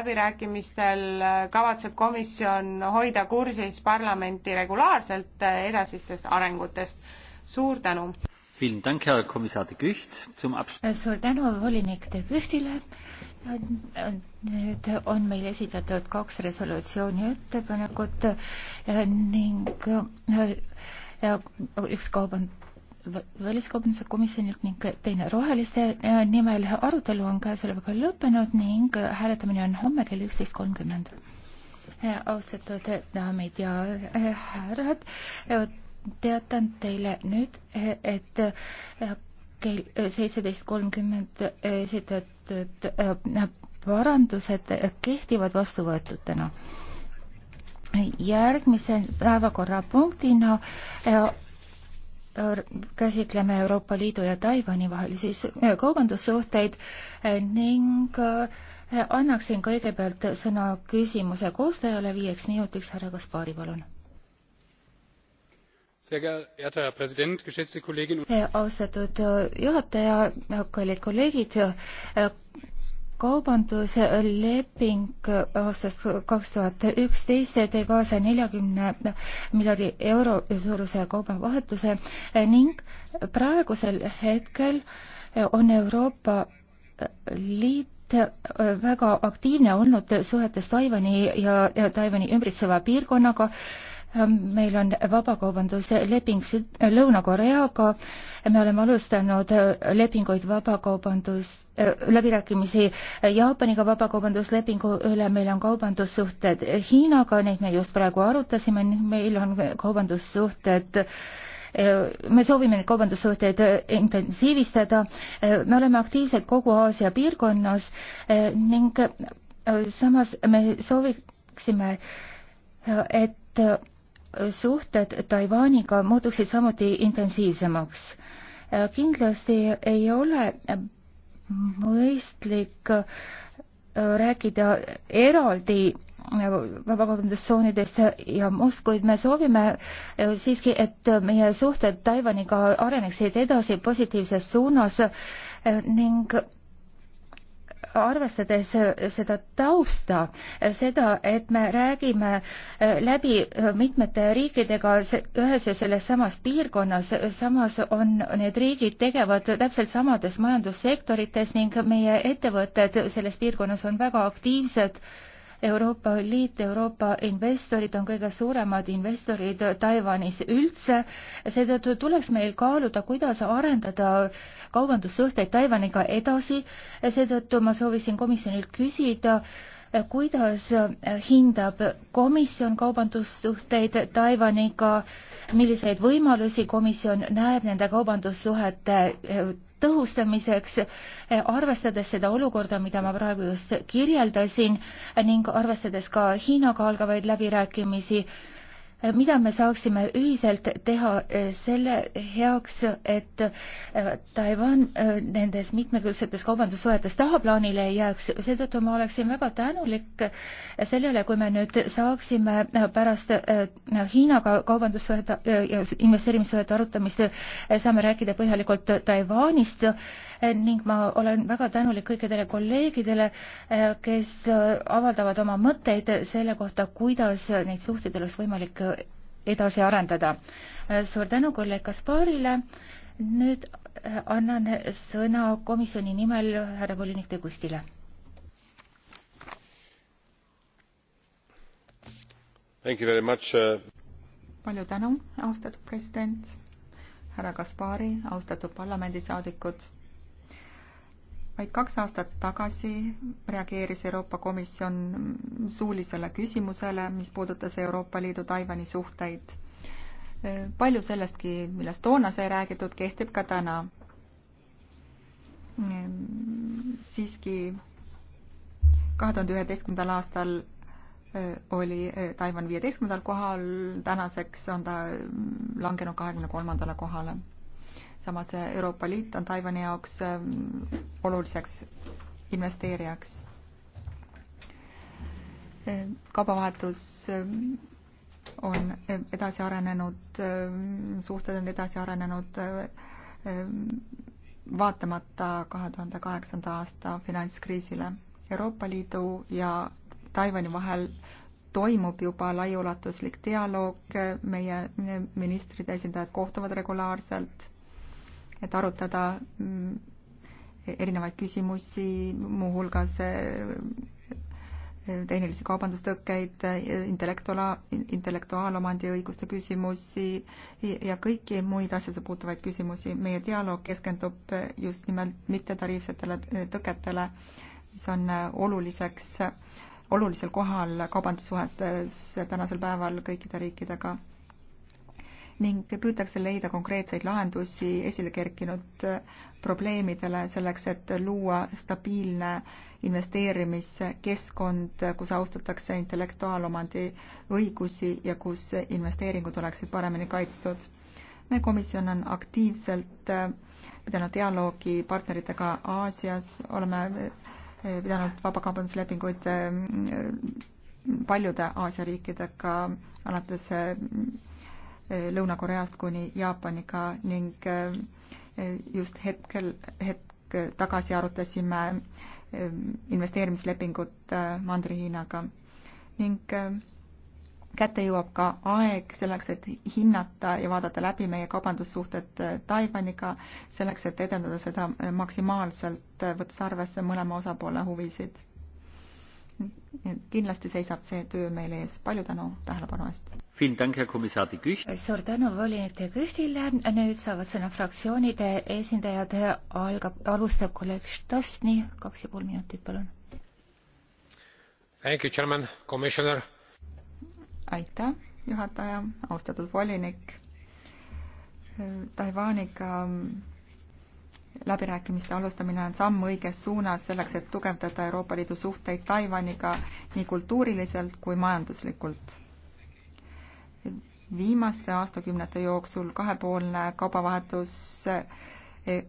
läbirääkimistel kavatseb komisjon hoida kursis parlamenti regulaarselt edasistest arengutest. suur tänu! suur tänu volinik de Guchtile. nüüd on meil esitatud kaks resolutsiooni ettepanekut ning ükskaup on väliskaubanduse komisjonilt ning teine roheliste äh, nimel. arutelu on käesolevaga lõppenud ning hääletamine on homme kell üksteist kolmkümmend. Äh, austatud äh, daamid ja härrad, teatan teile nüüd, et kell seitseteist kolmkümmend esitatud parandused kehtivad vastuvõetutena. järgmise päevakorrapunktina käsitleme Euroopa Liidu ja Taiwan'i vahelisi äh, kaubandussuhteid äh, ning äh, annaksin kõigepealt sõna küsimuse koostajale viieks minutiks, härra Kaspari, palun. austatud juhataja, kallid kolleegid, kaubandusleping aastast kaks tuhat üksteist tõi kaasa neljakümne miljardi euro suuruse kaubavahetuse ning praegusel hetkel on Euroopa Liit väga aktiivne olnud suhetes Taiwani ja, ja Taiwani ümbritseva piirkonnaga meil on vabakaubandusleping Lõuna-Koreaga, me oleme alustanud lepinguid vabakaubandust läbirääkimisi Jaapaniga vabakaubanduslepingu üle, meil on kaubandussuhted Hiinaga, neid me just praegu arutasime, meil on kaubandussuhted me soovime neid kaubandussuhteid intensiivistada, me oleme aktiivsed kogu Aasia piirkonnas ning samas me sooviksime, et suhted Taiwaniga muutuksid samuti intensiivsemaks kindlasti ei ole mõistlik äh, rääkida eraldi äh, vabakaubandustsoonidest ja must, kuid me soovime äh, siiski, et meie suhted Taiwaniga areneksid edasi positiivses suunas ning arvestades seda tausta, seda, et me räägime äh, läbi äh, mitmete riikidega ühes ja selles samas piirkonnas, samas on need riigid tegevad täpselt samades majandussektorites ning meie ettevõtted selles piirkonnas on väga aktiivsed Euroopa Liit, Euroopa investorid on kõige suuremad investorid Taiwanis üldse, seetõttu tuleks meil kaaluda, kuidas arendada kaubandussuhteid Taiwaniga edasi, seetõttu ma soovisin komisjonilt küsida, kuidas hindab komisjon kaubandussuhteid Taiwaniga, milliseid võimalusi komisjon näeb nende kaubandussuhete tõhustamiseks, eh, arvestades seda olukorda, mida ma praegu just kirjeldasin ning arvestades ka Hiinaga algavaid läbirääkimisi mida me saaksime ühiselt teha eh, selle heaks, et eh, Taiwan eh, nendes mitmekülgsetes kaubandussuhetes tahaplaanile ei jääks, seetõttu ma oleksin väga tänulik sellele, kui me nüüd saaksime pärast Hiinaga kaubandussuhete ja investeerimissuhete arutamist, saame rääkida põhjalikult Taiwanist ning ma olen väga tänulik kõikidele kolleegidele, kes avaldavad oma mõtteid selle kohta, kuidas neid suhteid oleks võimalik edasi arendada. Äh, suur tänu kolleeg Kasparile. nüüd äh, annan sõna komisjoni nimel härra volinik De Gustile. Uh, palju tänu, austatud president, härra Kaspari, austatud parlamendisaadikud vaid kaks aastat tagasi reageeris Euroopa Komisjon suulisele küsimusele, mis puudutas Euroopa Liidu Taiwan'i suhteid. palju sellestki, millest toona sai räägitud, kehtib ka täna. siiski kahe tuhande üheteistkümnendal aastal oli Taiwan viieteistkümnendal kohal, tänaseks on ta mm, langenud kahekümne kolmandale kohale samas Euroopa Liit on Taiwan'i jaoks ähm, oluliseks investeerijaks. Ähm, kaubavahetus ähm, on edasi arenenud, suhted on edasi arenenud vaatamata kahe tuhande kaheksanda aasta finantskriisile. Euroopa Liidu ja Taiwan'i vahel toimub juba laiaulatuslik dialoog, äh, meie äh, ministrid, esindajad kohtuvad regulaarselt et arutada mm, erinevaid küsimusi, muuhulgas eh, tehnilisi kaubandustõkkeid, intellektuaala, intellektuaalomandi õiguste küsimusi ja kõiki muid asjasse puutuvaid küsimusi. meie dialoog keskendub just nimelt mittetariifsetele tõketele, mis on oluliseks, olulisel kohal kaubandussuhetes tänasel päeval kõikide riikidega ning püütakse leida konkreetseid lahendusi esile kerkinud probleemidele selleks, et luua stabiilne investeerimiskeskkond, kus austatakse intellektuaalomandi õigusi ja kus investeeringud oleksid paremini kaitstud. meie komisjon on aktiivselt äh, pidanud dialoogi partneritega Aasias, oleme äh, pidanud vabakaubanduslepinguid äh, paljude Aasia riikidega alates Lõuna-Koreast kuni Jaapaniga ning e, just hetkel, hetk tagasi arutasime e, investeerimislepingut e, Mandri-Hiinaga ning kätte jõuab ka aeg selleks, et hinnata ja vaadata läbi meie kaubandussuhted Taiwaniga, selleks, et edendada seda maksimaalselt, võttes arvesse mõlema osapoole huvisid. kindlasti seisab see töö meil ees, palju tänu tähelepanu eest! suur tänu volinik De Küstile, nüüd saavad sõna fraktsioonide esindajad, algab, alustab kolleeg Štosni, kaks ja pool minutit, palun. aitäh, juhataja, austatud volinik. Taiwaniga läbirääkimiste alustamine on samm õiges suunas selleks, et tugevdada Euroopa Liidu suhteid Taiwaniga nii kultuuriliselt kui majanduslikult viimaste aastakümnete jooksul kahepoolne kaubavahetus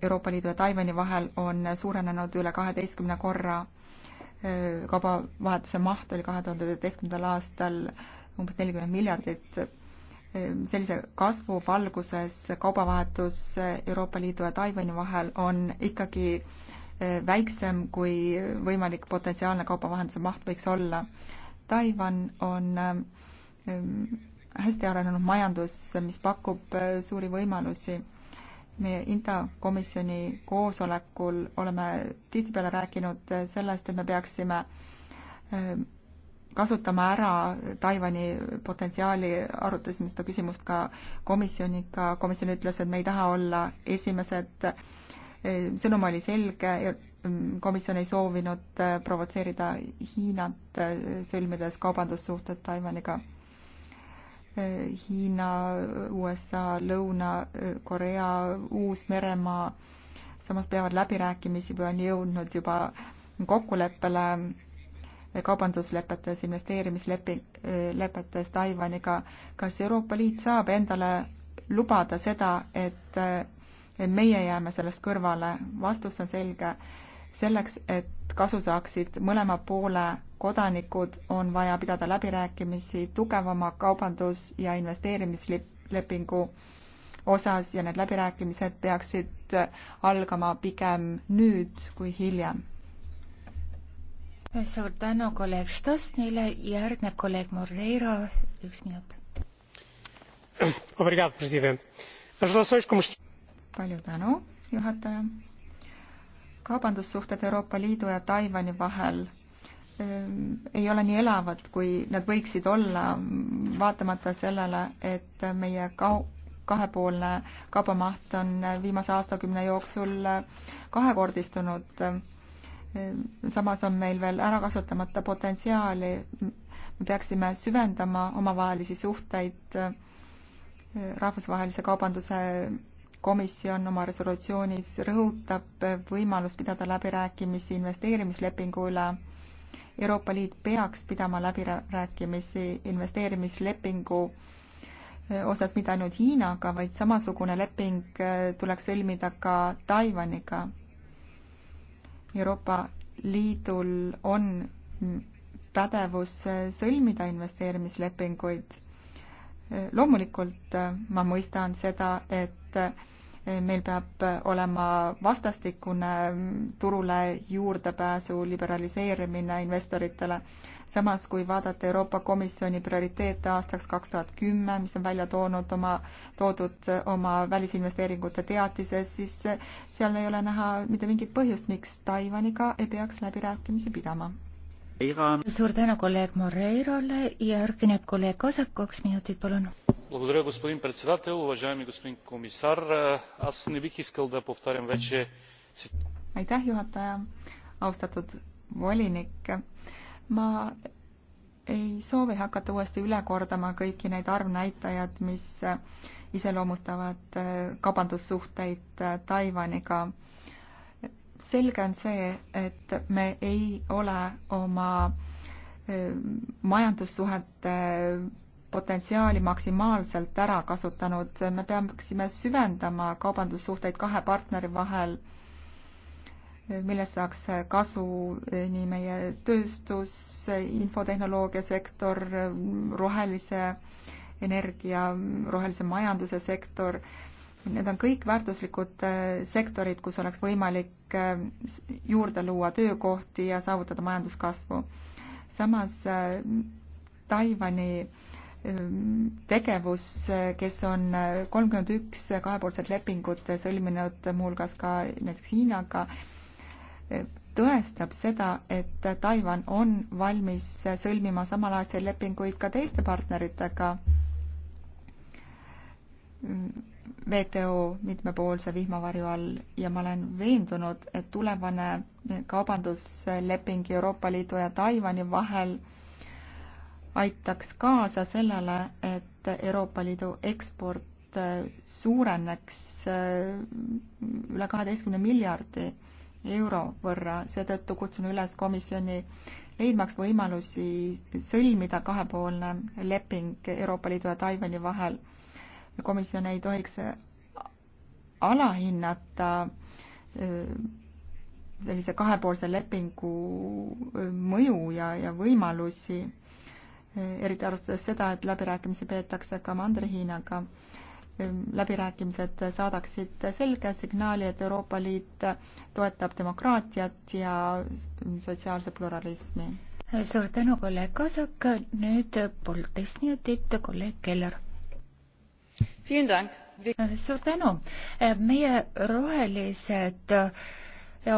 Euroopa Liidu ja Taiwan'i vahel on suurenenud üle kaheteistkümne korra. kaubavahetuse maht oli kahe tuhande üheteistkümnendal aastal umbes nelikümmend miljardit. sellise kasvu valguses kaubavahetus Euroopa Liidu ja Taiwan'i vahel on ikkagi väiksem, kui võimalik potentsiaalne kaubavahenduse maht võiks olla. Taiwan on hästi arenenud majandus, mis pakub äh, suuri võimalusi. meie INTA komisjoni koosolekul oleme tihtipeale rääkinud äh, sellest, et me peaksime äh, kasutama ära Taiwan'i potentsiaali, arutasime seda küsimust ka komisjoniga, komisjon ütles, et me ei taha olla esimesed, sõnum oli selge, mm, komisjon ei soovinud provotseerida Hiinat, sõlmides kaubandussuhted Taiwan'iga Äh, Hiina, USA, Lõuna-Korea, äh, Uus-Meremaa, samas peavad läbirääkimisi või on jõudnud juba kokkuleppele äh, kaubanduslepetes, investeerimislepi, lepetes Taiwaniga. kas Euroopa Liit saab endale lubada seda, et meie jääme sellest kõrvale? vastus on selge selleks, et kasu saaksid mõlema poole kodanikud, on vaja pidada läbirääkimisi tugevama kaubandus- ja investeerimislepingu osas ja need läbirääkimised peaksid algama pigem nüüd kui hiljem. suur tänu kolleeg Stasnile, järgneb kolleeg Moreira, üks minut. palju tänu, juhataja kaubandussuhted Euroopa Liidu ja Taiwan'i vahel ehm, ei ole nii elavad, kui nad võiksid olla, vaatamata sellele, et meie kau-, kahepoolne kaubamaht on viimase aastakümne jooksul kahekordistunud. Ehm, samas on meil veel ära kasutamata potentsiaali, me peaksime süvendama omavahelisi suhteid ehm, rahvusvahelise kaubanduse komisjon oma resolutsioonis rõhutab võimalust pidada läbirääkimisi investeerimislepingu üle. Euroopa Liit peaks pidama läbirääkimisi investeerimislepingu eh, osas mitte ainult Hiinaga, vaid samasugune leping eh, tuleks sõlmida ka Taiwaniga. Euroopa Liidul on pädevus eh, sõlmida investeerimislepinguid loomulikult äh, ma mõistan seda, et äh, meil peab äh, olema vastastikune turule juurdepääsu liberaliseerimine investoritele. samas, kui vaadata Euroopa Komisjoni prioriteete aastaks kaks tuhat kümme, mis on välja toonud oma, toodud oma välisinvesteeringute teatises, siis seal ei ole näha mitte mingit põhjust, miks Taiwaniga ei peaks läbirääkimisi pidama suur tänu kolleeg Moreirole, järgneb kolleeg Kasak, kaks minutit, palun. Благодаря, господин председател. Уважаеми господин комисар, аз не бих искал да повтарям вече... Aitäh, juhataja! Austatud volinik! Ma ei soovi hakata uuesti üle kordama kõiki neid arvnäitajad, mis iseloomustavad eh, kaubandussuhteid eh, Taiwaniga selge on see, et me ei ole oma majandussuhete potentsiaali maksimaalselt ära kasutanud, me peaksime süvendama kaubandussuhteid kahe partneri vahel, millest saaks kasu nii meie tööstus, infotehnoloogiasektor, rohelise energia, rohelise majanduse sektor, Need on kõik väärtuslikud äh, sektorid, kus oleks võimalik äh, juurde luua töökohti ja saavutada majanduskasvu. samas äh, Taiwan'i tegevus, kes on kolmkümmend üks kahepoolset lepingut sõlminud muuhulgas ka näiteks Hiinaga, tõestab seda, et Taiwan on valmis sõlmima samalaadseid lepinguid ka teiste partneritega mm. WTO mitmepoolse vihmavarju all ja ma olen veendunud, et tulevane kaubandusleping Euroopa Liidu ja Taiwan'i vahel aitaks kaasa sellele, et Euroopa Liidu eksport äh, suureneks äh, üle kaheteistkümne miljardi euro võrra, seetõttu kutsun üles komisjoni leidmaks võimalusi sõlmida kahepoolne leping Euroopa Liidu ja Taiwan'i vahel komisjon ei tohiks alahinnata sellise kahepoolse lepingu mõju ja, ja võimalusi, eriti arvestades seda, et läbirääkimisi peetakse ka Mandri-Hiinaga. läbirääkimised saadaksid selge signaali, et Euroopa Liit toetab demokraatiat ja sotsiaalse pluralismi. suur tänu, kolleeg Kasak, nüüd poolteist minutit, kolleeg Keller suur tänu. Eh, meie rohelised ja,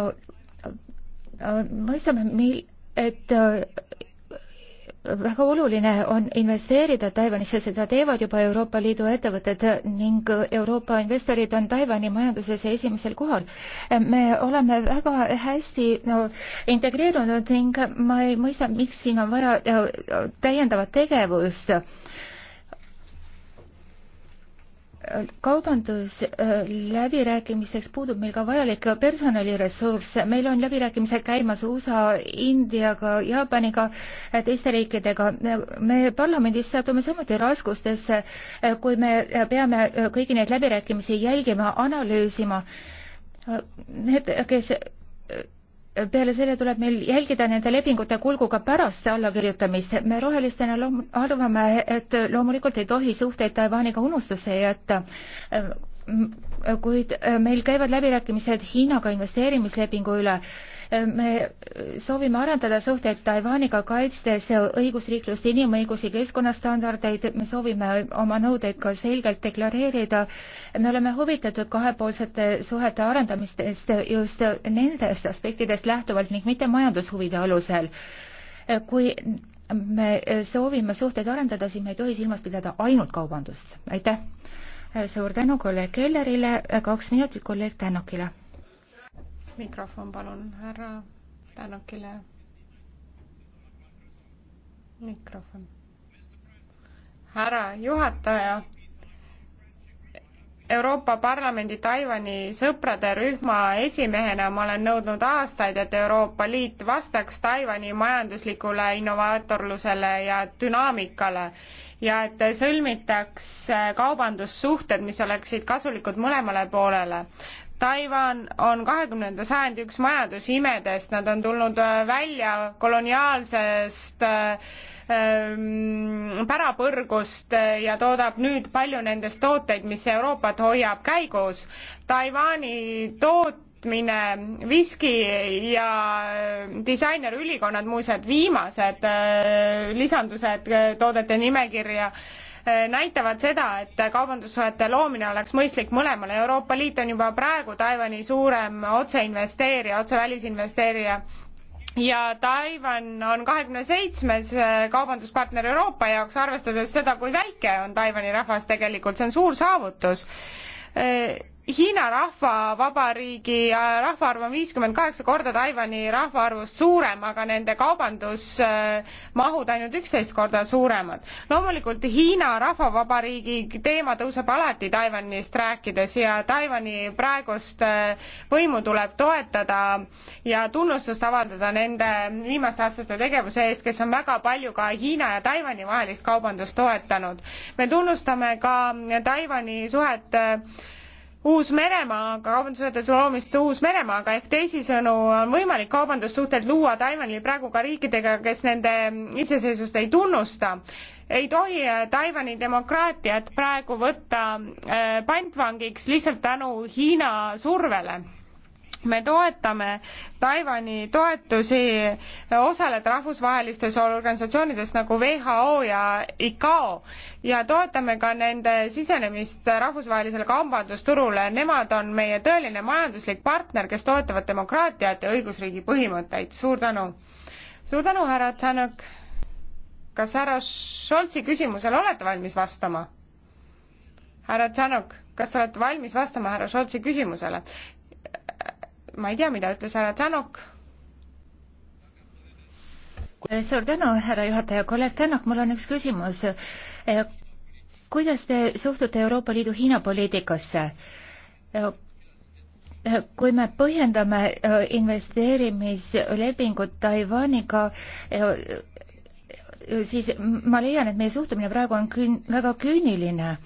eh, eh, mõistame, mil-, et väga oluline on investeerida Taiwanisse, seda teevad juba Euroopa Liidu ettevõtted ning Euroopa investorid on Taiwan'i majanduses esimesel kohal. me oleme väga hästi no, integreerunud ning ma ei mõista, miks siin on vaja täiendavat tegevust kaubandusläbirääkimiseks äh, puudub meil ka vajalik personaliressurss. meil on läbirääkimised käimas USA, Indiaga, Jaapaniga, äh, teiste riikidega. me parlamendis satume samuti raskustesse, äh, kui me peame kõigi neid läbirääkimisi jälgima, analüüsima. Need, kes peale selle tuleb meil jälgida nende lepingute kulgu ka pärast allakirjutamist. me rohelistena loom-, arvame, et loomulikult ei tohi suhteid Taiwaniga unustusse jätta, äh, kuid äh, meil käivad läbirääkimised Hiinaga investeerimislepingu üle me soovime arendada suhteid Taiwaniga, kaitstes õigusriiklust, inimõigusi, keskkonnastandardeid, me soovime oma nõudeid ka selgelt deklareerida. me oleme huvitatud kahepoolsete suhete arendamistest just nendest aspektidest lähtuvalt ning mitte majandushuvide alusel. kui me soovime suhteid arendada, siis me ei tohi silmas pidada ainult kaubandust. aitäh! suur tänu kolleeg Kellerile, kaks minutit kolleeg Tänokile mikrofon palun härra Tänakile. mikrofon. härra juhataja. Euroopa Parlamendi Taiwan'i sõprade rühma esimehena ma olen nõudnud aastaid, et Euroopa Liit vastaks Taiwan'i majanduslikule innovaatorlusele ja dünaamikale ja et sõlmitaks kaubandussuhted, mis oleksid kasulikud mõlemale poolele Taiwan on kahekümnenda sajandi üks majandusimedest, nad on tulnud äh, välja koloniaalsest äh, ähm, pärapõrgust äh, ja toodab nüüd palju nendest tooteid, mis Euroopat hoiab käigus. Taiwan'i tootmine, viski ja disainerülikonnad, muuseas viimased lisandused toodete nimekirja Eh, näitavad seda, et kaubandussuhete loomine oleks mõistlik mõlemale. Euroopa Liit on juba praegu Taiwan'i suurem otseinvesteerija, otse välisinvesteerija ja Taiwan on kahekümne seitsmes eh, kaubanduspartner Euroopa jaoks, arvestades seda, kui väike on Taiwan'i rahvas tegelikult, see on suur saavutus eh, Hiina rahvavabariigi äh, rahvaarv on viiskümmend kaheksa korda Taiwan'i rahvaarvust suurem, aga nende kaubandusmahud ainult üksteist korda suuremad. loomulikult Hiina rahvavabariigi teema tõuseb alati Taiwan'ist rääkides ja Taiwan'i praegust äh, võimu tuleb toetada ja tunnustust avaldada nende viimaste aastate tegevuse eest, kes on väga palju ka Hiina ja Taiwan'i vahelist kaubandust toetanud. me tunnustame ka Taiwan'i suhet äh, Uus-Meremaa kaubandussuhete loomist Uus-Meremaaga ehk teisisõnu on võimalik kaubandussuhted luua Taiwanil praegu ka riikidega, kes nende iseseisvust ei tunnusta. ei tohi äh, Taiwan'i demokraatiat praegu võtta äh, pantvangiks lihtsalt tänu Hiina survele me toetame Taiwan'i toetusi, osaleda rahvusvahelistes organisatsioonides nagu WHO ja ICAO ja toetame ka nende sisenemist rahvusvahelisele kaubandusturule. Nemad on meie tõeline majanduslik partner, kes toetavad demokraatiat ja õigusriigi põhimõtteid. suur tänu. suur tänu, härra Tšanõk. kas härra Šoltsi küsimusele olete valmis vastama? härra Tšanõk, kas olete valmis vastama härra Šoltsi küsimusele? ma ei tea, mida ütles härra Tänok. suur tänu, härra juhataja, kolleeg Tänok, mul on üks küsimus. Eh, kuidas te suhtute Euroopa Liidu Hiina poliitikasse? Eh, eh, kui me põhjendame investeerimislepingut Taiwaniga, siis ma leian, et meie suhtumine praegu on küün-, väga küüniline.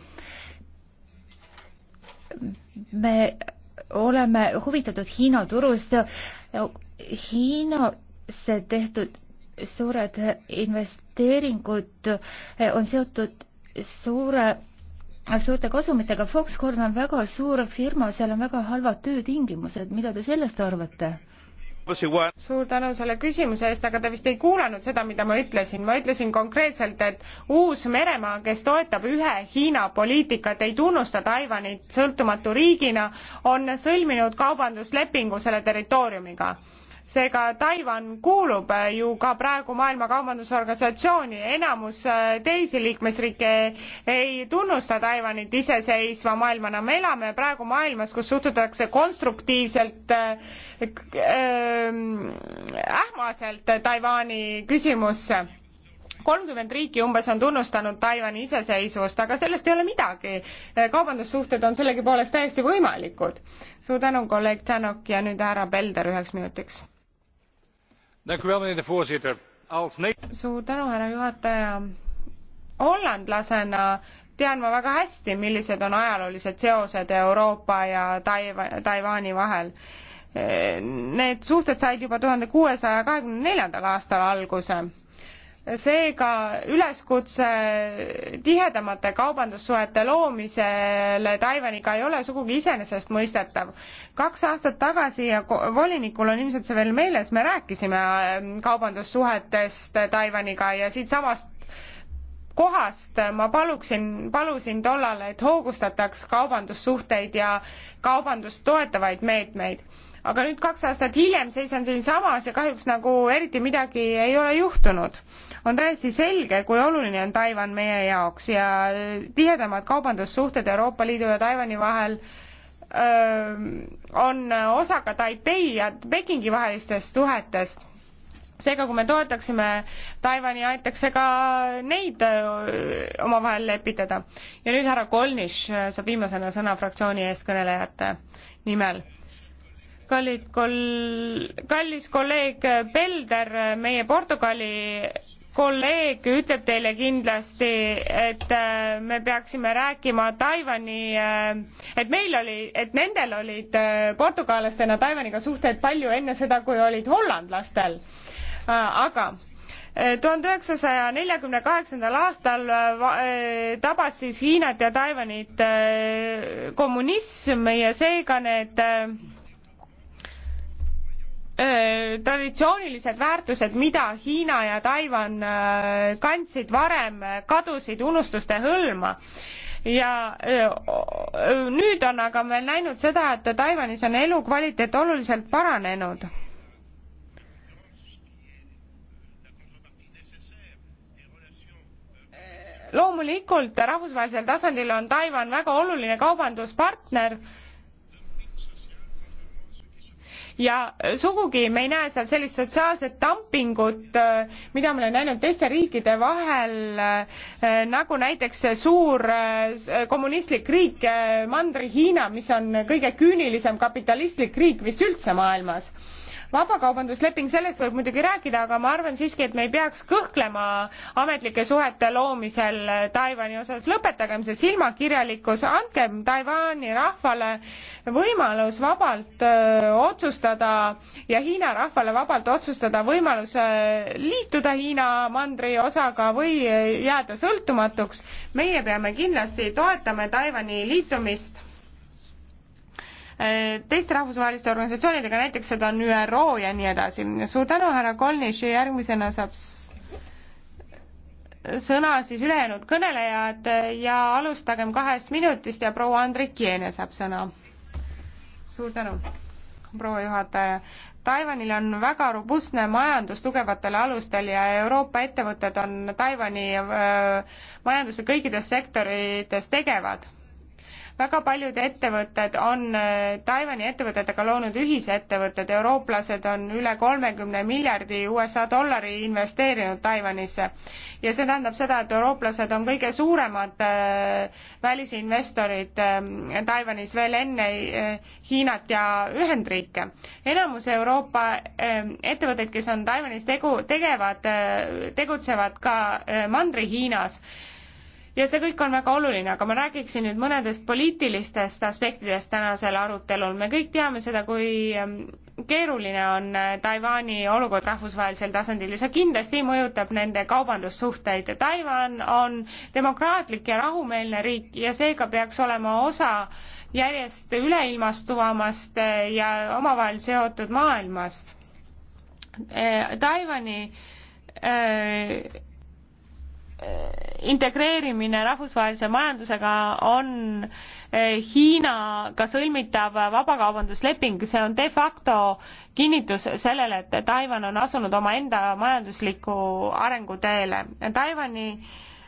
me oleme huvitatud Hiina turust. Hiinasse tehtud suured investeeringud on seotud suure suurte kasumitega. Foxconn on väga suur firma, seal on väga halvad töötingimused. mida te sellest arvate? suur tänu selle küsimuse eest, aga te vist ei kuulanud seda, mida ma ütlesin. ma ütlesin konkreetselt, et Uus-Meremaa, kes toetab ühe Hiina poliitikat, ei tunnusta Taiwanit sõltumatu riigina, on sõlminud kaubanduslepingu selle territooriumiga seega Taiwan kuulub äh, ju ka praegu Maailma Kaubandusorganisatsiooni, enamus äh, teisi liikmesriike ei tunnusta Taiwanit iseseisva maailmana, me elame praegu maailmas, kus suhtutakse konstruktiivselt äh, ähmaselt Taiwan'i küsimusse kolmkümmend riiki umbes on tunnustanud Taiwan'i iseseisvust, aga sellest ei ole midagi. kaubandussuhted on sellegipoolest täiesti võimalikud. suur tänu, kolleeg Tänok ja nüüd härra Pelder üheks minutiks suur tänu, härra juhataja. hollandlasena tean ma väga hästi, millised on ajaloolised seosed Euroopa ja Taiwa-, Taiwan'i vahel. Need suhted said juba tuhande kuuesaja kahekümne neljandal aastal alguse seega üleskutse tihedamate kaubandussuhete loomisele Taiwaniga ei ole sugugi iseenesestmõistetav. kaks aastat tagasi ja volinikul on ilmselt see veel meeles, me rääkisime ähm, kaubandussuhetest Taiwaniga ja siitsamast kohast ma paluksin, palusin tollal, et hoogustataks kaubandussuhteid ja kaubandust toetavaid meetmeid aga nüüd kaks aastat hiljem seisan siinsamas ja kahjuks nagu eriti midagi ei ole juhtunud on täiesti selge, kui oluline on Taiwan meie jaoks ja tihedamad kaubandussuhted Euroopa Liidu ja Taiwan'i vahel öö, on osa ka Taipei ja Pekingi vahelistest suhetest seega, kui me toetaksime Taiwan'i, aitaks see ka neid omavahel lepitada. ja nüüd härra Kolniš saab viimasena sõna fraktsiooni eeskõnelejate nimel. kallid kol-, kallis kolleeg Pelder, meie Portugali kolleeg ütleb teile kindlasti, et äh, me peaksime rääkima Taiwan'i, äh, et meil oli, et nendel olid äh, portugallastena Taiwan'iga suhted palju enne seda, kui olid hollandlastel. aga tuhande üheksasaja neljakümne kaheksandal aastal tabas siis Hiinat ja Taiwan'it kommunism ja seega need traditsioonilised väärtused, mida Hiina ja Taiwan äh, kandsid varem, äh, kadusid unustuste hõlma ja äh, nüüd on aga me näinud seda, et Taiwanis on elukvaliteet oluliselt paranenud. loomulikult rahvusvahelisel tasandil on Taiwan väga oluline kaubanduspartner ja sugugi me ei näe seal sellist sotsiaalset dumpingut, äh, mida me oleme näinud teiste riikide vahel, äh, nagu näiteks suur äh, kommunistlik riik Mandri-Hiina, mis on kõige küünilisem kapitalistlik riik vist üldse maailmas vabakaubandusleping, sellest võib muidugi rääkida, aga ma arvan siiski, et me ei peaks kõhklema ametlike suhete loomisel Taiwan'i osas. lõpetagem see silmakirjalikkus, andkem Taiwan'i rahvale võimalus vabalt öö, otsustada ja Hiina rahvale vabalt otsustada võimaluse liituda Hiina mandri osaga või jääda sõltumatuks. meie peame kindlasti toetama Taiwan'i liitumist teiste rahvusvaheliste organisatsioonidega, näiteks seda on ÜRO ja nii edasi. suur tänu, härra Kolnis, järgmisena saab sõna siis ülejäänud kõnelejad ja alustagem kahest minutist ja proua Andrikiene saab sõna. suur tänu, proua juhataja. Taiwanil on väga robustne majandus tugevatel alustel ja Euroopa ettevõtted on Taiwan'i majanduse kõikides sektorites tegevad väga paljud ettevõtted on äh, Taiwan'i ettevõtetega loonud ühisettevõtted, eurooplased on üle kolmekümne miljardi USA dollari investeerinud Taiwan'isse ja see tähendab seda, et eurooplased on kõige suuremad äh, välisinvestorid äh, Taiwan'is veel enne Hiinat ja Ühendriike. enamus Euroopa ettevõtteid, kes on Taiwan'is tegu, tegevad, tegutsevad ka Mandri-Hiinas ja see kõik on väga oluline, aga ma räägiksin nüüd mõnedest poliitilistest aspektidest tänasel arutelul. me kõik teame seda, kui ähm, keeruline on äh, Taiwan'i olukord rahvusvahelisel tasandil ja see kindlasti mõjutab nende kaubandussuhteid. Taiwan on demokraatlik ja rahumeelne riik ja seega peaks olema osa järjest üleilmastuvamast äh, ja omavahel seotud maailmast. Äh, Taiwan'i Äh, integreerimine rahvusvahelise majandusega on äh, Hiinaga sõlmitav vabakaubandusleping, see on de facto kinnitus sellele, et Taiwan on asunud omaenda majandusliku arengu teele. Taiwan'i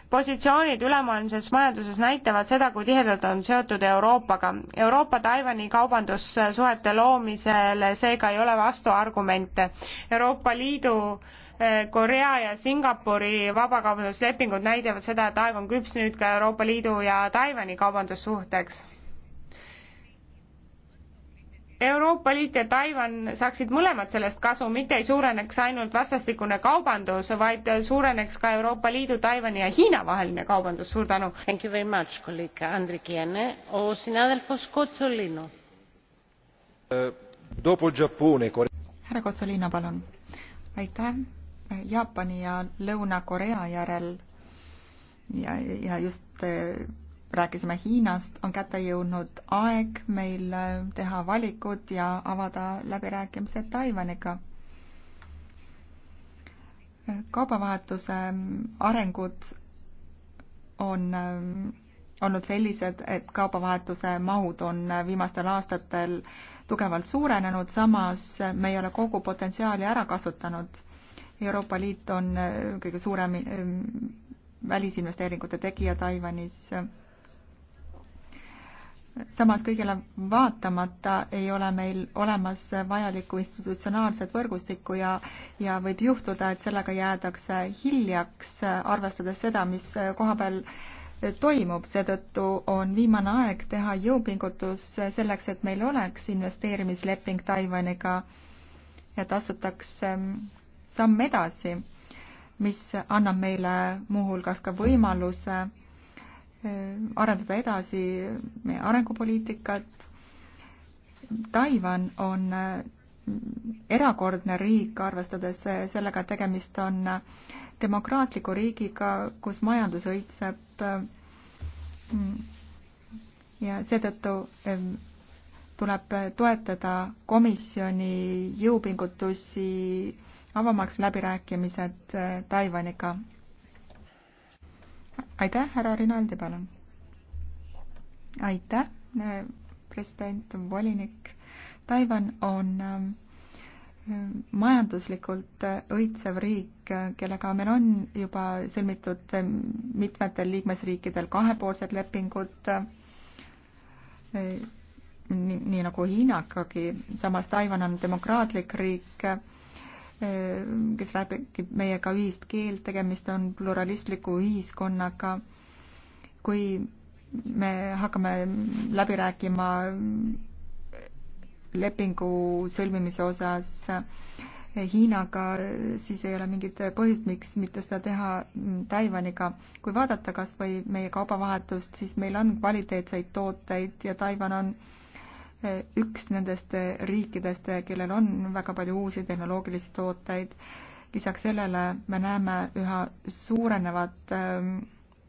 positsioonid ülemaailmses majanduses näitavad seda, kui tihedalt on seotud Euroopaga. Euroopa Taiwan'i kaubandussuhete loomisele seega ei ole vastuargumente. Euroopa Liidu äh, Korea ja Singapuri vabakaubanduslepingud näitavad seda, et aeg on küps nüüd ka Euroopa Liidu ja Taiwan'i kaubandussuhteks. Euroopa Liit ja Taiwan saaksid mõlemad sellest kasu, mitte ei suureneks ainult vastastikune kaubandus, vaid suureneks ka Euroopa Liidu, Taiwan'i ja Hiina vaheline kaubandus, suur tänu. Thank you very much, kolleeg Andrikiene, Sinadelfos Kotsolino. härra Kotsolino, palun. aitäh Jaapani ja Lõuna-Korea järel ja, ja just äh, rääkisime Hiinast, on kätte jõudnud aeg meil äh, teha valikud ja avada läbirääkimised Taiwaniga. kaubavahetuse mm, arengud on mm, olnud sellised, et kaubavahetuse mahud on äh, viimastel aastatel tugevalt suurenenud, samas me ei ole kogu potentsiaali ära kasutanud Euroopa Liit on äh, kõige suurem äh, välisinvesteeringute tegija Taiwanis. samas kõigele vaatamata ei ole meil olemas vajalikku institutsionaalset võrgustikku ja, ja võib juhtuda, et sellega jäädakse hiljaks, arvestades seda, mis kohapeal toimub, seetõttu on viimane aeg teha jõupingutus selleks, et meil oleks investeerimisleping Taiwaniga, et astutaks ähm, samm edasi, mis annab meile muuhulgas ka võimaluse eh, arendada edasi meie arengupoliitikat. Taiwan on eh, erakordne riik, arvestades eh, sellega, et tegemist on demokraatliku riigiga, kus majandus õitseb ja seetõttu tuleb toetada komisjoni jõupingutusi avamaks läbirääkimised äh, Taiwaniga. aitäh, härra Rinaldi, palun. aitäh, äh, president, volinik. Taiwan on ähm, majanduslikult äh, õitsev riik, kellega meil on juba sõlmitud mitmetel liikmesriikidel kahepoolsed lepingud, nii nagu Hiinakagi, samas Taiwan on demokraatlik riik Ehm, kes räägib meiega ühist keelt, tegemist on pluralistliku ühiskonnaga. kui me hakkame läbi rääkima lepingu sõlmimise osas Hiinaga, siis ei ole mingit põhjust, miks mitte seda teha Taiwaniga. kui vaadata kas või meie kaubavahetust, siis meil on kvaliteetseid tooteid ja Taiwan on äh, üks nendest riikidest, kellel on väga palju uusi tehnoloogilisi tooteid. lisaks sellele me näeme üha suurenevat ähm,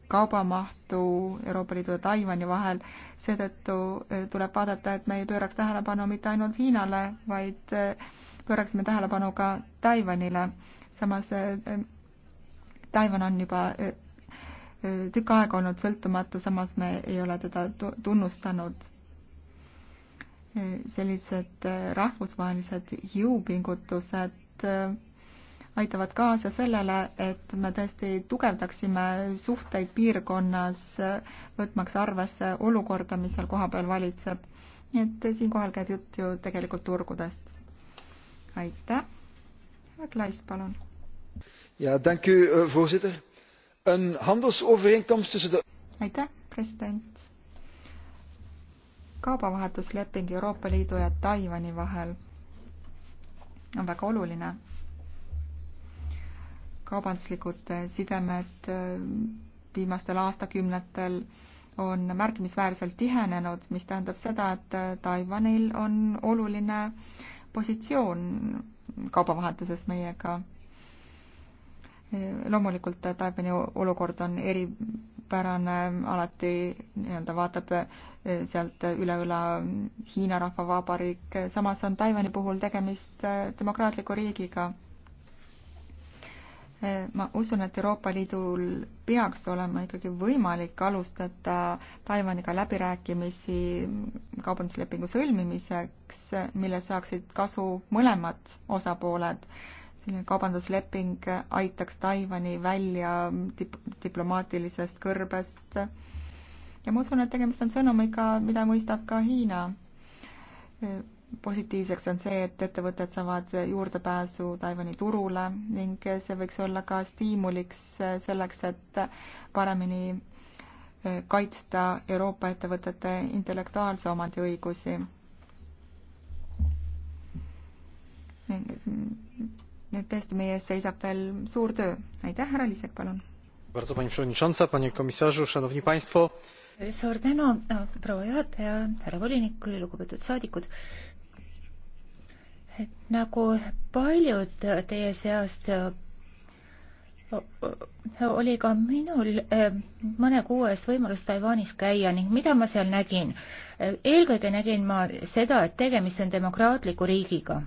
kaubamahtu Euroopa Liidu ja Taiwan'i vahel, seetõttu äh, tuleb vaadata, et me ei pööraks tähelepanu mitte ainult Hiinale, vaid äh, pööraksime tähelepanu ka Taiwan'ile. samas äh, Taiwan on juba tükk aega olnud sõltumatu, samas me ei ole teda tunnustanud sellised äh, rahvusvahelised jõupingutused äh, aitavad kaasa sellele, et me tõesti tugevdaksime suhteid piirkonnas, äh, võtmaks arvesse olukorda, mis seal kohapeal valitseb. nii et siinkohal käib jutt ju tegelikult turgudest. aitäh. Klais, palun. ja tänku, eh, voorzitter. Een handelsovereenkomst tussen de aitäh, president kaubavahetusleping Euroopa Liidu ja Taiwan'i vahel on väga oluline. kaubanduslikud sidemed äh, viimastel aastakümnetel on märkimisväärselt tihenenud, mis tähendab seda, et äh, Taiwan'il on oluline positsioon kaubavahetuses meiega äh, loomulikult Taiwan'i olukord on eri, pärane, alati nii-öelda vaatab eh, sealt üle õla Hiina Rahvavabariik, samas on Taiwan'i puhul tegemist eh, demokraatliku riigiga. Eh, ma usun, et Euroopa Liidul peaks olema ikkagi võimalik alustada Taiwan'iga läbirääkimisi kaubanduslepingu sõlmimiseks, millest saaksid kasu mõlemad osapooled selline kaubandusleping aitaks Taiwan'i välja dip diplomaatilisest kõrbest. ja ma usun, et tegemist on sõnumiga, mida mõistab ka Hiina. positiivseks on see, et ettevõtted saavad juurdepääsu Taiwan'i turule ning see võiks olla ka stiimuliks selleks, et paremini kaitsta Euroopa ettevõtete intellektuaalse omandiõigusi nüüd tõesti meie ees seisab veel suur töö. aitäh, härra Liisek, palun. suur tänu, proua juhataja, härra volinik, lugupeetud saadikud. et nagu paljud teie seast oli ka minul eh, mõne kuu eest võimalus Taiwanis käia ning mida ma seal nägin? eelkõige nägin ma seda, et tegemist on demokraatliku riigiga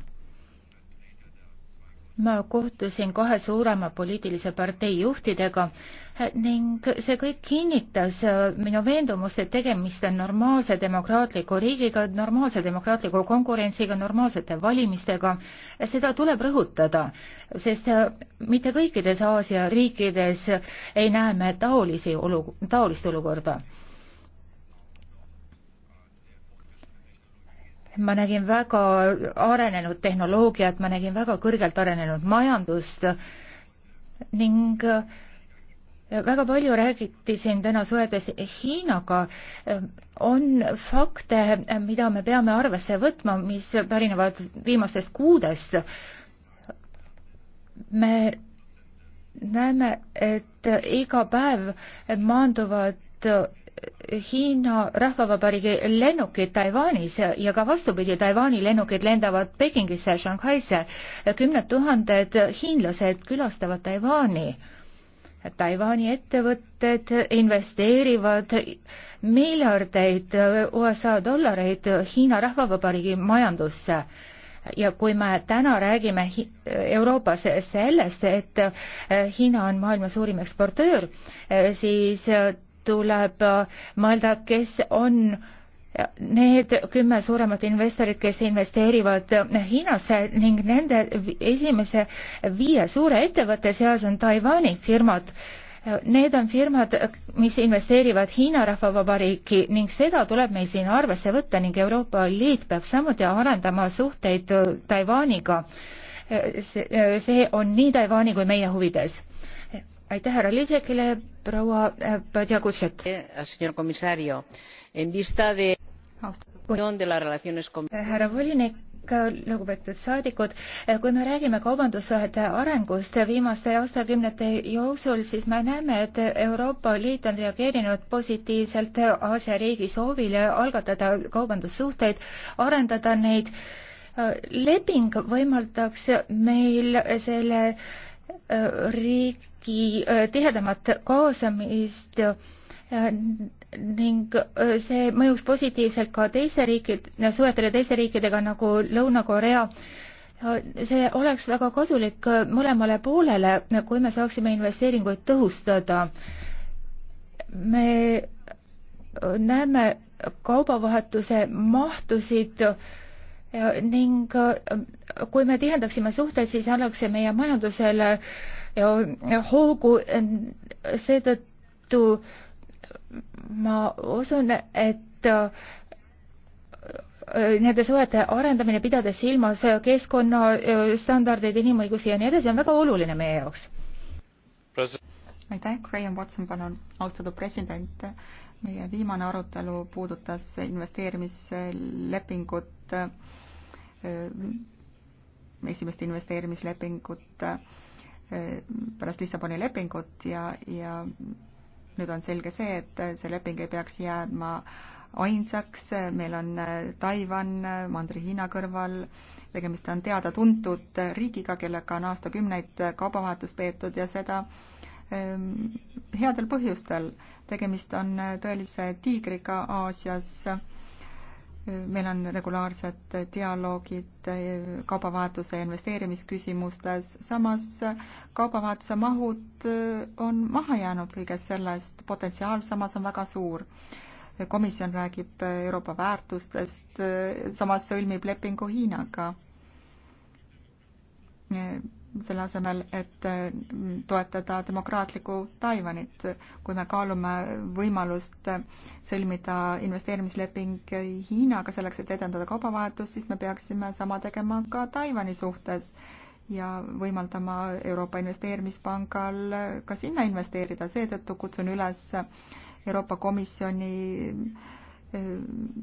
ma kohtusin kahe suurema poliitilise partei juhtidega eh, ning see kõik kinnitas eh, minu veendumust, et tegemist on normaalse demokraatliku riigiga, normaalse demokraatliku konkurentsiga, normaalsete valimistega. Eh, seda tuleb rõhutada, sest mitte kõikides Aasia riikides ei näe me taolisi olu, taolist olukorda ma nägin väga arenenud tehnoloogiat, ma nägin väga kõrgelt arenenud majandust ning äh, väga palju räägiti siin täna suhetes Hiinaga. Äh, on fakte, mida me peame arvesse võtma, mis pärinevad viimastest kuudest. me näeme, et iga päev maanduvad Hiina Rahvavabariigi lennukid Taiwanis ja ka vastupidi, Taiwani lennukid lendavad Pekingisse, Shanghaisse. kümned tuhanded hiinlased külastavad Taiwani. Taiwani ettevõtted investeerivad miljardeid USA dollareid Hiina Rahvavabariigi majandusse ja kui me täna räägime Euroopas sellest, et Hiina on maailma suurim eksportöör, siis tuleb mõelda, kes on need kümme suuremat investorit, kes investeerivad Hiinasse ning nende esimese viie suure ettevõtte seas on Taiwan'i firmad. Need on firmad, mis investeerivad Hiina Rahvavabariiki ning seda tuleb meil siin arvesse võtta ning Euroopa Liit peab samuti arendama suhteid Taiwan'iga. see on nii Taiwan'i kui meie huvides aitäh härra Liisekile, proua äh, Padja Kutset. Eh, eh, härra volinik, lugupeetud saadikud, eh, kui me räägime kaubandussuhete arengust viimaste aastakümnete jooksul, siis me näeme, et Euroopa Liit on reageerinud positiivselt Aasia riigi soovile algatada kaubandussuhteid, arendada neid. Äh, leping võimaldaks meil selle äh, riik veelgi äh, tihedamat kaasamist äh, ning äh, see mõjuks positiivselt ka teiste riikide, suhetele teiste riikidega nagu Lõuna-Korea. see oleks väga kasulik mõlemale poolele, kui me saaksime investeeringuid tõhustada. me näeme kaubavahetuse mahtusid ning kui me tihendaksime suhteid, siis annaks see meie majandusele äh, hoogu, seetõttu ma usun, et äh, nende suhete arendamine, pidades silmas keskkonnastandardeid, äh, inimõigusi ja nii edasi, on väga oluline meie jaoks. aitäh, Graham Watson, palun, austatud president. meie viimane arutelu puudutas investeerimislepingut, äh, esimest investeerimislepingut Eh, pärast Lissaboni lepingut ja, ja nüüd on selge see, et see leping ei peaks jääma ainsaks, meil on eh, Taiwan eh, Mandri-Hiina kõrval, tegemist on teada-tuntud riigiga, kellega on aastakümneid kaubavahetust peetud ja seda ehm, headel põhjustel. tegemist on tõelise tiigriga Aasias meil on regulaarsed dialoogid kaubavahetuse ja investeerimisküsimustes, samas kaubavahetuse mahud on maha jäänud kõigest sellest, potentsiaal samas on väga suur. komisjon räägib Euroopa väärtustest, samas sõlmib lepingu Hiinaga selle asemel, et mm, toetada demokraatlikku Taiwanit, kui me kaalume võimalust sõlmida investeerimisleping Hiinaga selleks, et edendada kaubavahetust, siis me peaksime sama tegema ka Taiwan'i suhtes ja võimaldama Euroopa Investeerimispangal ka sinna investeerida, seetõttu kutsun üles Euroopa Komisjoni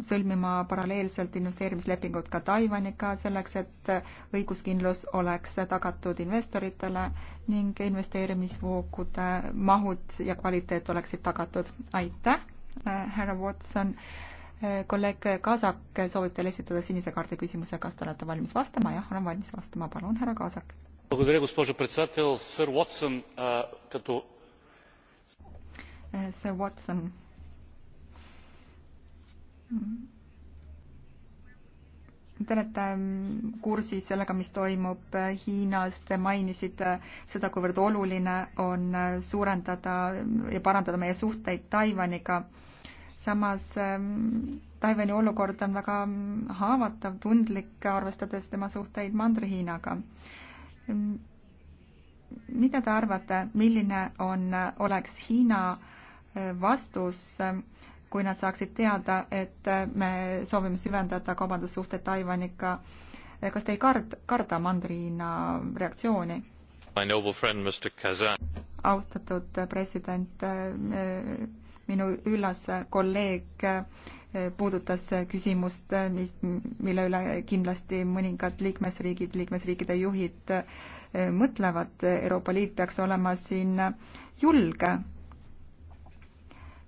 sõlmima paralleelselt investeerimislepingut ka Taiwaniga, selleks et õiguskindlus oleks tagatud investoritele ning investeerimisvoogude mahud ja kvaliteet oleksid tagatud. aitäh, äh, härra Watson. Äh, kolleeg Kaasak soovib teile esitada sinise kaardi küsimuse, kas te olete valmis vastama? jah, olen valmis vastama, palun, härra Kaasak. Sir Watson. Mm-hmm. Te olete mm, kursis sellega, mis toimub Hiinas, te mainisite seda, kuivõrd oluline on äh, suurendada mm, ja parandada meie suhteid Taiwaniga. samas ähm, Taiwani olukord on väga mm, haavatav, tundlik, arvestades tema suhteid Mandri-Hiinaga. mida te arvate, milline on, äh, oleks Hiina äh, vastus äh, kui nad saaksid teada, et me soovime süvendada kaubandussuhteid Taiwaniga. kas te ei kard-, karda mandriina reaktsiooni? austatud president, minu üllas kolleeg puudutas küsimust, mis, mille üle kindlasti mõningad liikmesriigid, liikmesriikide juhid mõtlevad. Euroopa Liit peaks olema siin julge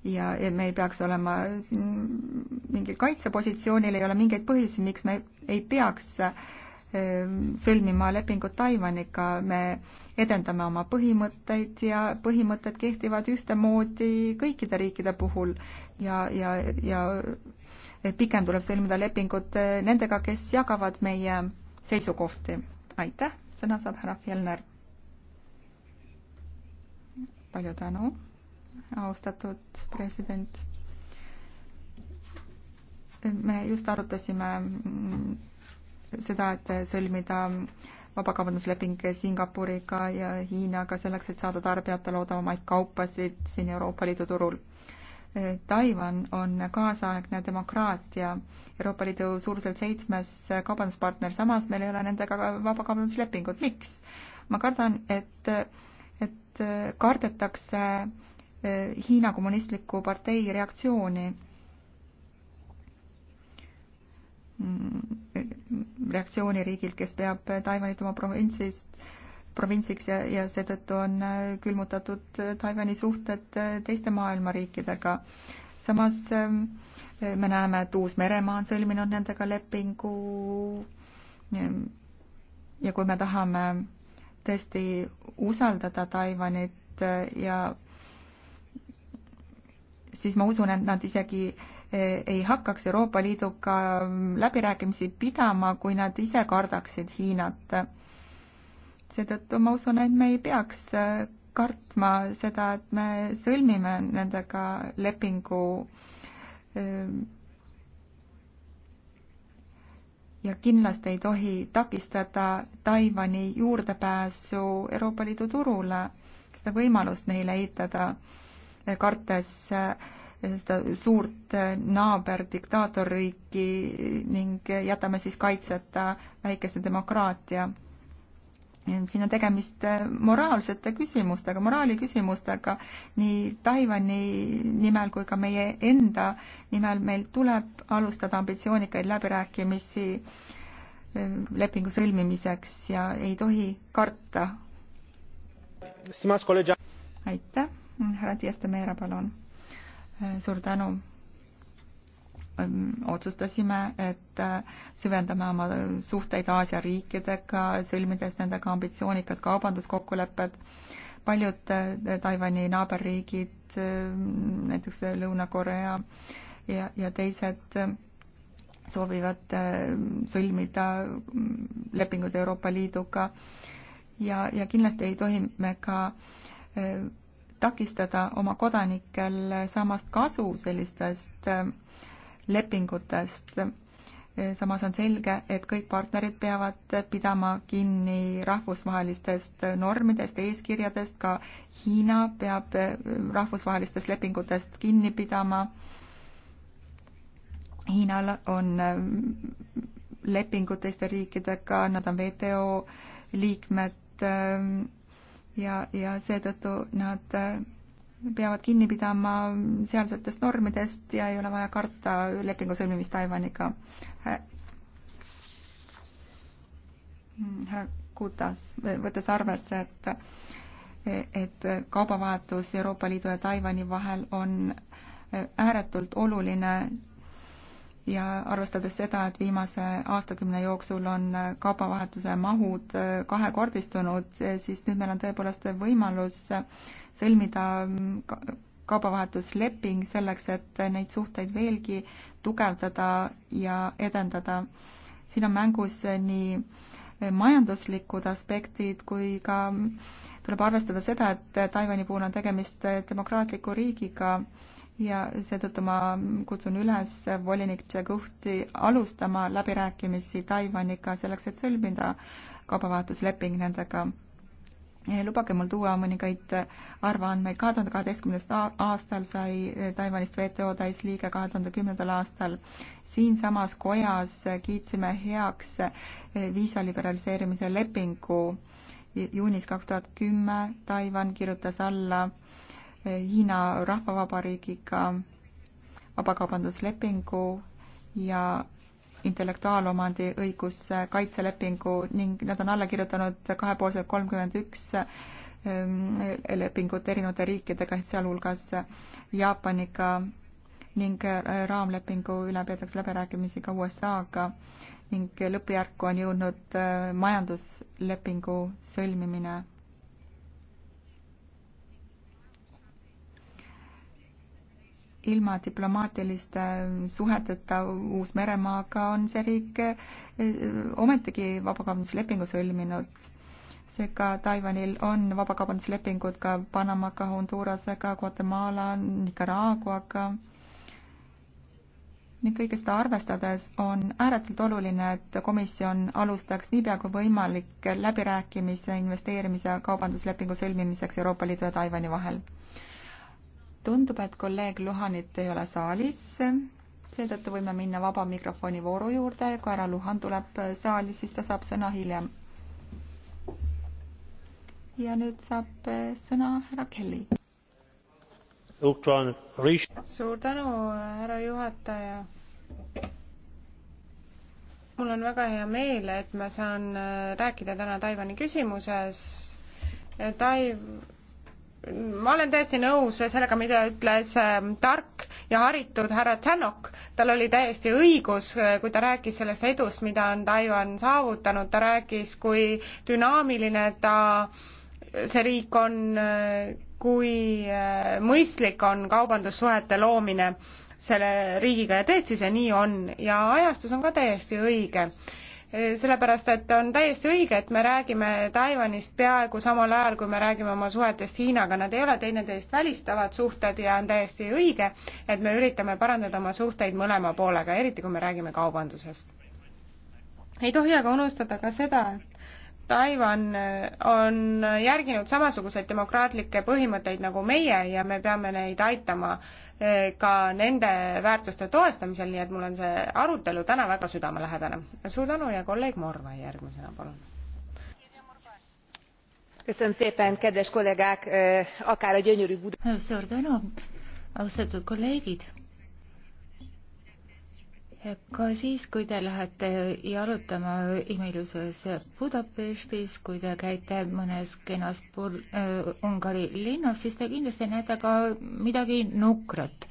ja, ja me ei peaks olema siin mingil kaitsepositsioonil, ei ole mingeid põhjusi, miks me ei peaks ehm, sõlmima lepingut Taiwaniga, me edendame oma põhimõtteid ja põhimõtted kehtivad ühtemoodi kõikide riikide puhul ja, ja, ja pigem tuleb sõlmida lepingud eh, nendega, kes jagavad meie seisukohti. aitäh, sõna saab härra Fjellner. palju tänu austatud president. me just arutasime seda, et sõlmida vabakaubandusleping Singapuriga ja Hiinaga selleks, et saada tarbijatele odavamaid kaupasid siin Euroopa Liidu turul Taiwan on kaasaegne demokraatia, Euroopa Liidu suuruselt seitsmes kaubanduspartner, samas meil ei ole nendega vabakaubanduslepingut, miks? ma kardan, et, et kardetakse Eh, Hiina kommunistliku partei reaktsiooni, mm, eh, reaktsiooni riigilt, kes peab Taiwanit oma provintsist, provintsiks ja, ja seetõttu on eh, külmutatud Taiwan'i suhted teiste maailma riikidega. samas me näeme, et Uus-Meremaa on sõlminud nendega lepingu ja kui me tahame tõesti usaldada Taiwanit ja siis ma usun, et nad isegi e, ei hakkaks Euroopa Liiduga läbirääkimisi pidama, kui nad ise kardaksid Hiinat. seetõttu ma usun, et me ei peaks e, kartma seda, et me sõlmime nendega lepingu e, ja kindlasti ei tohi takistada Taiwan'i juurdepääsu Euroopa Liidu turule, seda võimalust neile eitada kartes eh, seda suurt eh, naaberdiktaatorriiki ning eh, jätame siis kaitseta väikese demokraatia. siin on tegemist moraalsete küsimustega, moraali küsimustega nii Taiwan'i nimel kui ka meie enda nimel, meil tuleb alustada ambitsioonikaid läbirääkimisi lepingu sõlmimiseks ja ei tohi karta. aitäh! Mm, härra Diestemera, palun. Äh, suur tänu. otsustasime, et äh, süvendame oma suhteid Aasia riikidega, sõlmides nendega ambitsioonikad kaubanduskokkulepped. paljud äh, Taiwan'i naaberriigid, näiteks Lõuna-Korea ja, ja teised soovivad sõlmida mm, lepingud Euroopa Liiduga ja, ja kindlasti ei tohi me ka takistada oma kodanikel saamast kasu sellistest ähm, lepingutest. Äh, samas on selge, et kõik partnerid peavad pidama kinni rahvusvahelistest äh, normidest, eeskirjadest, ka Hiina peab äh, rahvusvahelistest lepingutest kinni pidama. Hiinal on ähm, lepingud teiste riikidega, nad on WTO liikmed ähm, ja, ja seetõttu nad äh, peavad kinni pidama sealsetest normidest ja ei ole vaja karta lepingu sõlmimist Taiwaniga. Äh, härra Kutas, võttes arvesse, et et kaubavahetus Euroopa Liidu ja Taiwani vahel on äh, ääretult oluline ja arvestades seda, et viimase aastakümne jooksul on äh, kaubavahetuse mahud äh, kahekordistunud, äh, siis nüüd meil on tõepoolest võimalus sõlmida mm, kaubavahetusleping selleks, et neid suhteid veelgi tugevdada ja edendada. siin on mängus nii majanduslikud aspektid kui ka mm, tuleb arvestada seda, et Taiwan'i puhul on tegemist demokraatliku riigiga ja seetõttu ma kutsun üles volinik Tšekuhti alustama läbirääkimisi Taiwaniga selleks, et sõlmida kaubavahetusleping nendega. lubage mul tuua mõningaid arvandmeid. kahe tuhande kaheteistkümnendast aastal sai Taiwanist WTO täisliige kahe tuhande kümnendal aastal. siinsamas kojas kiitsime heaks viisa liberaliseerimise lepingu juunis kaks tuhat kümme Taiwan kirjutas alla Hiina Rahvavabariigiga vabakaubanduslepingu ja intellektuaalomandi õiguse kaitselepingu ning nad on alla kirjutanud kahepoolselt kolmkümmend üks ähm, lepingut erinevate riikidega, sealhulgas Jaapaniga ning äh, raamlepingu üle peetakse läbirääkimisi ka USA-ga ning lõppjärku on jõudnud äh, majanduslepingu sõlmimine ilma diplomaatiliste suheteta Uus-Meremaaga on see riik eh, ometigi vabakaubanduslepingu sõlminud. seega Taiwanil on vabakaubanduslepingud ka Panamaga, Hondurasega, Guatemala, Nicaraguaga. ning kõike seda arvestades on ääretult oluline, et komisjon alustaks niipea kui võimalik läbirääkimise investeerimise ja kaubanduslepingu sõlmimiseks Euroopa Liidu ja Taiwan'i vahel tundub, et kolleeg Luhanit ei ole saalis, seetõttu võime minna vaba mikrofoni vooru juurde ja kui härra Luhan tuleb saali, siis ta saab sõna hiljem. ja nüüd saab sõna härra Kelly. suur tänu, härra juhataja mul on väga hea meel, et ma saan rääkida täna Taiwan'i küsimuses. Taiv-, ma olen täiesti nõus sellega, mida ütles ähm, tark ja haritud härra Tšanok. tal oli täiesti õigus, äh, kui ta rääkis sellest edust, mida on Taiwan saavutanud, ta rääkis, kui dünaamiline ta, äh, see riik on, äh, kui mõistlik on kaubandussuhete loomine selle riigiga ja tõesti see nii on ja ajastus on ka täiesti õige Eh, sellepärast, et on täiesti õige, et me räägime Taiwanist peaaegu samal ajal, kui me räägime oma suhetest Hiinaga, nad ei ole teineteist välistavad suhted ja on täiesti õige, et me üritame parandada oma suhteid mõlema poolega, eriti kui me räägime kaubandusest. ei tohi aga unustada ka seda, Taiwan äh, on järginud samasuguseid demokraatlikke põhimõtteid nagu meie ja me peame neid aitama äh, ka nende väärtuste toestamisel, nii et mul on see arutelu täna väga südamelähedane. suur tänu ja kolleeg Morva järgmisena, palun. suur tänu, austatud kolleegid ka siis, kui te lähete jalutama imeilusas Budapestis, kui te käite mõnes kenas pur, äh, Ungari linnas, siis te kindlasti näete ka midagi nukrat.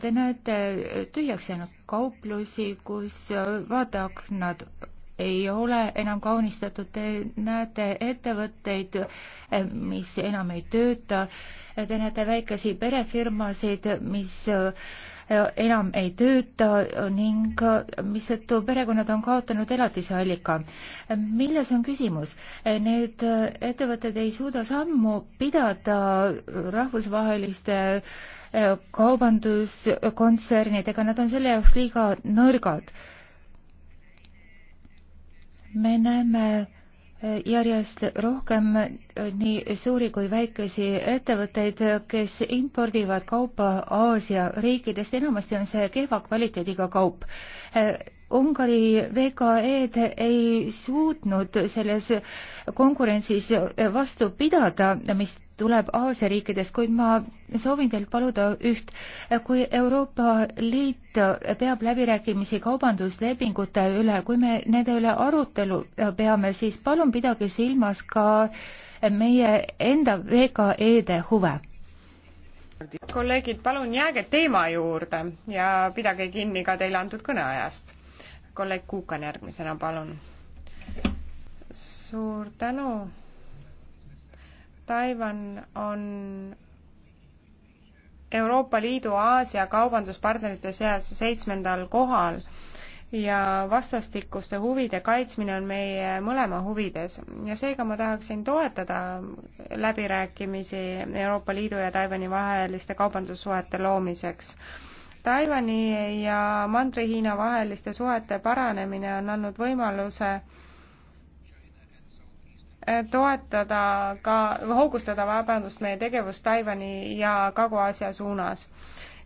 Te näete tühjaks jäänud kauplusi, kus vaateaknad ei ole enam kaunistatud, te näete ettevõtteid, äh, mis enam ei tööta, te näete väikesi perefirmasid, mis äh, Äh, enam ei tööta ning äh, mistõttu perekonnad on kaotanud elatise allika. milles on küsimus? Äh, need ettevõtted ei suuda sammu pidada rahvusvaheliste kaubanduskontsernidega, nad on selle jaoks liiga nõrgad. me näeme järjest rohkem nii suuri kui väikesi ettevõtteid, kes impordivad kaupa Aasia riikidest, enamasti on see kehva kvaliteediga kaup. Ungari VKE-d ei suutnud selles konkurentsis vastu pidada, mis tuleb Aasia riikidest, kuid ma soovin teilt paluda üht. kui Euroopa Liit peab läbirääkimisi kaubanduslepingute üle, kui me nende üle arutelu peame, siis palun pidage silmas ka meie enda VKE-de huve. kolleegid, palun jääge teema juurde ja pidage kinni ka teile antud kõneajast kolleeg Kuukan järgmisena, palun. suur tänu. Taiwan on Euroopa Liidu Aasia kaubanduspartnerite seas seitsmendal kohal ja vastastikuste huvide kaitsmine on meie mõlema huvides ja seega ma tahaksin toetada läbirääkimisi Euroopa Liidu ja Taiwan'i vaheliste kaubandussuhete loomiseks Taiwan'i ja Mandri-Hiina vaheliste suhete paranemine on andnud võimaluse eh, toetada ka, hoogustada, vabandust, meie tegevust Taiwan'i ja Kagu-Aasia suunas.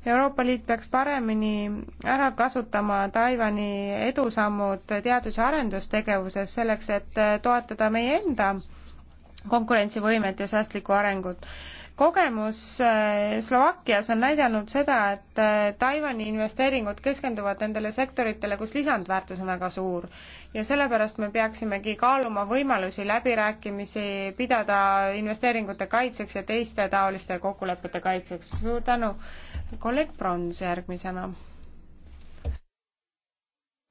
Euroopa Liit peaks paremini ära kasutama Taiwan'i edusammud teadus- ja arendustegevuses selleks, et eh, toetada meie enda konkurentsivõimet ja säästlikku arengut kogemus äh, Slovakkias on näidanud seda, et äh, Taiwan'i investeeringud keskenduvad nendele sektoritele, kus lisandväärtus on väga suur. ja sellepärast me peaksimegi kaaluma võimalusi läbirääkimisi pidada investeeringute kaitseks ja teiste taoliste kokkulepete kaitseks. suur tänu, kolleeg Prons järgmisena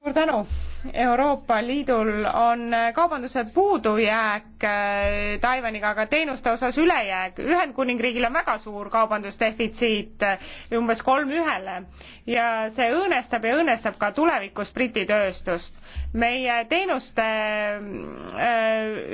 suur tänu. Euroopa Liidul on kaubanduse puudujääk äh, Taiwaniga, aga teenuste osas ülejääk. Ühendkuningriigil on väga suur kaubandusdefitsiit, äh, umbes kolm ühele ja see õõnestab ja õõnestab ka tulevikus Briti tööstust. meie teenuste äh,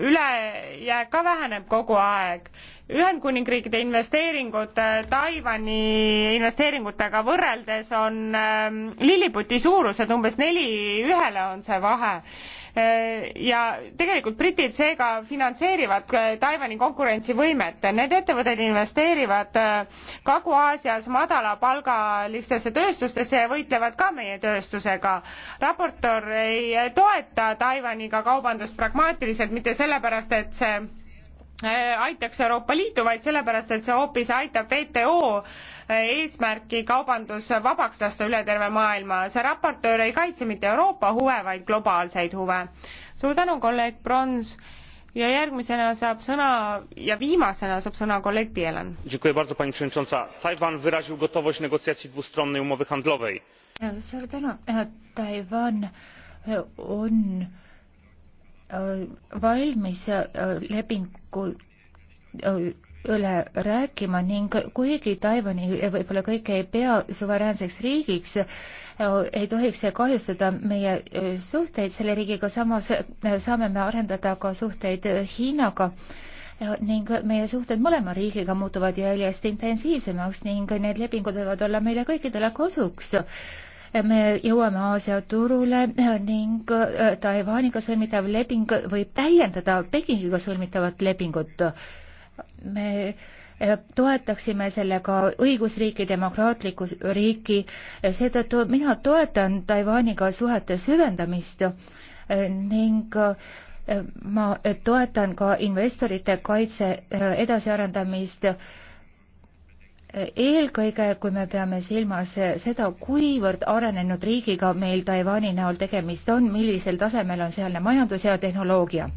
ülejääk ka väheneb kogu aeg Ühendkuningriikide investeeringud äh, Taiwan'i investeeringutega võrreldes on ähm, lilliputi suurused, umbes neli ühele on see vahe äh, ja tegelikult britid seega finantseerivad äh, Taiwan'i konkurentsivõimet. Need ettevõtted investeerivad Kagu-Aasias madalapalgalistesse tööstustesse ja võitlevad ka meie tööstusega. raportöör ei toeta Taiwan'iga kaubandust pragmaatiliselt mitte sellepärast, et see Äh, aitaks Euroopa Liitu, vaid sellepärast, et see hoopis aitab WTO äh, eesmärki kaubandus vabaks lasta üle terve maailma. see raportöör ei kaitse mitte Euroopa huve, vaid globaalseid huve. suur tänu, kolleeg Brons ja järgmisena saab sõna ja viimasena saab sõna kolleeg Pielan. suur tänu, Taiwan on Äh, valmis äh, lepingu äh, üle rääkima ning kuigi Taiwani võib-olla kõike ei pea suveräänseks riigiks, ei tohiks see kahjustada meie suhteid selle riigiga, samas saame me arendada ka suhteid Hiinaga ning meie suhted mõlema riigiga muutuvad järjest intensiivsemaks ning need lepingud võivad olla meile kõikidele kasuks me jõuame Aasia turule ning äh, Taiwaniga sõlmitav leping võib täiendada Pekingiga sõlmitavat lepingut. me äh, toetaksime sellega õigusriiki, demokraatlikku riiki, seetõttu mina toetan Taiwaniga suhete süvendamist äh, ning ma toetan ka investorite kaitse edasiarendamist eelkõige, kui me peame silmas seda, kuivõrd arenenud riigiga meil Taiwan'i näol tegemist on, millisel tasemel on sealne majandus ja tehnoloogia.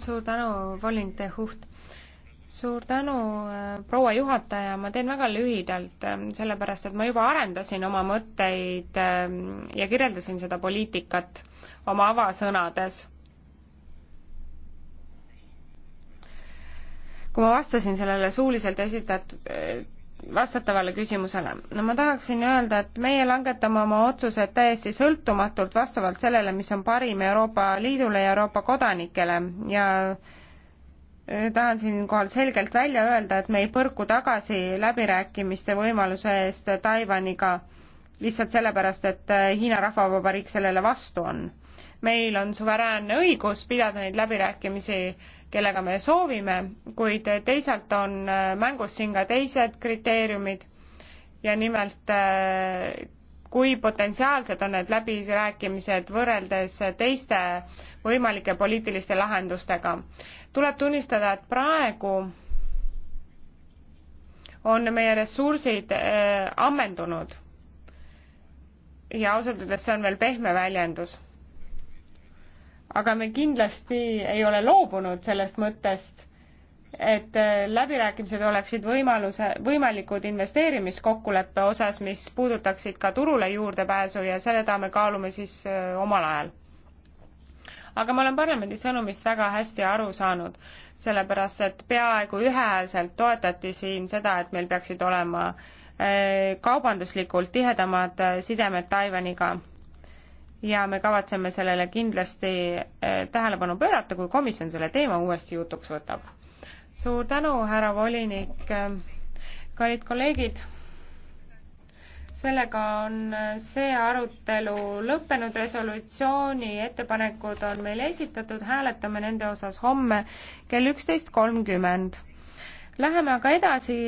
suur tänu, Volin De Hucht. suur tänu, äh, proua juhataja, ma teen väga lühidalt, äh, sellepärast et ma juba arendasin oma mõtteid äh, ja kirjeldasin seda poliitikat oma avasõnades kui ma vastasin sellele suuliselt esitatud vastatavale küsimusele. no ma tahaksin öelda, et meie langetame oma otsused täiesti sõltumatult vastavalt sellele, mis on parim Euroopa Liidule ja Euroopa kodanikele ja e, tahan siinkohal selgelt välja öelda, et me ei põrku tagasi läbirääkimiste võimaluse eest Taiwaniga lihtsalt sellepärast, et e, Hiina Rahvavabariik sellele vastu on. meil on suveräänne õigus pidada neid läbirääkimisi kellega me soovime, kuid teisalt on äh, mängus siin ka teised kriteeriumid ja nimelt äh, kui potentsiaalsed on need läbirääkimised võrreldes teiste võimalike poliitiliste lahendustega. tuleb tunnistada, et praegu on meie ressursid äh, ammendunud ja ausalt öeldes see on veel pehme väljendus aga me kindlasti ei ole loobunud sellest mõttest, et äh, läbirääkimised oleksid võimaluse, võimalikud investeerimiskokkuleppe osas, mis puudutaksid ka turule juurdepääsu ja seda me kaalume siis äh, omal ajal aga ma olen parlamendi sõnumist väga hästi aru saanud, sellepärast et peaaegu ühehäälselt toetati siin seda, et meil peaksid olema äh, kaubanduslikult tihedamad sidemed Taiwaniga ja me kavatseme sellele kindlasti eh, tähelepanu pöörata, kui komisjon selle teema uuesti jutuks võtab. suur tänu, härra volinik, kallid kolleegid, sellega on see arutelu lõppenud, resolutsiooni ettepanekud on meile esitatud, hääletame nende osas homme kell üksteist kolmkümmend. Läheme aga edasi